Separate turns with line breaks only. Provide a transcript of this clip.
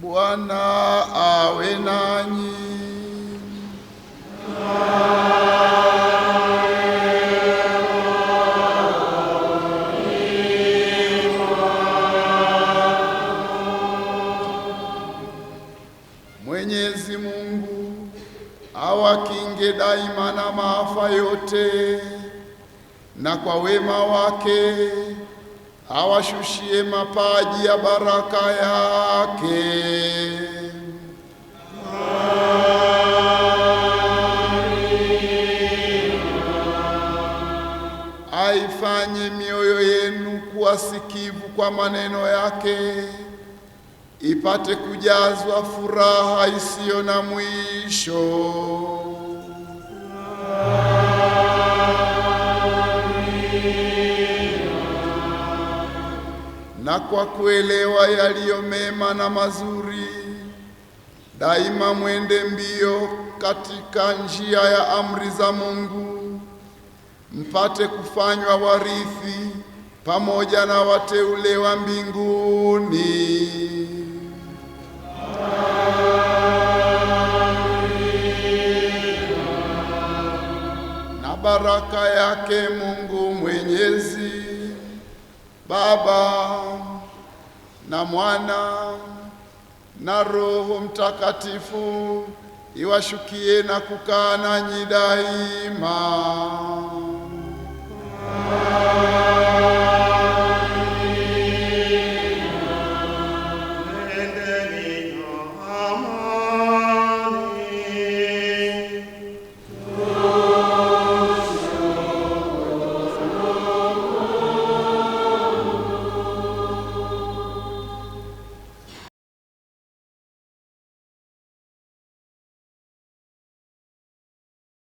Bwana awe nanyi. Mwenyezi Mungu awakinge daima na maafa yote na kwa wema wake awashushie mapaji ya baraka yake. Aifanye mioyo yenu kuwa sikivu kwa maneno yake, ipate kujazwa furaha isiyo na mwisho. Amen. na kwa kuelewa yaliyo mema na mazuri. Daima mwende mbio katika njia ya amri za Mungu, mpate kufanywa warithi pamoja na wateule wa mbinguni. Na baraka yake Mungu Mwenyezi Baba na Mwana na Roho Mtakatifu, iwashukie na kukaa nanyi daima.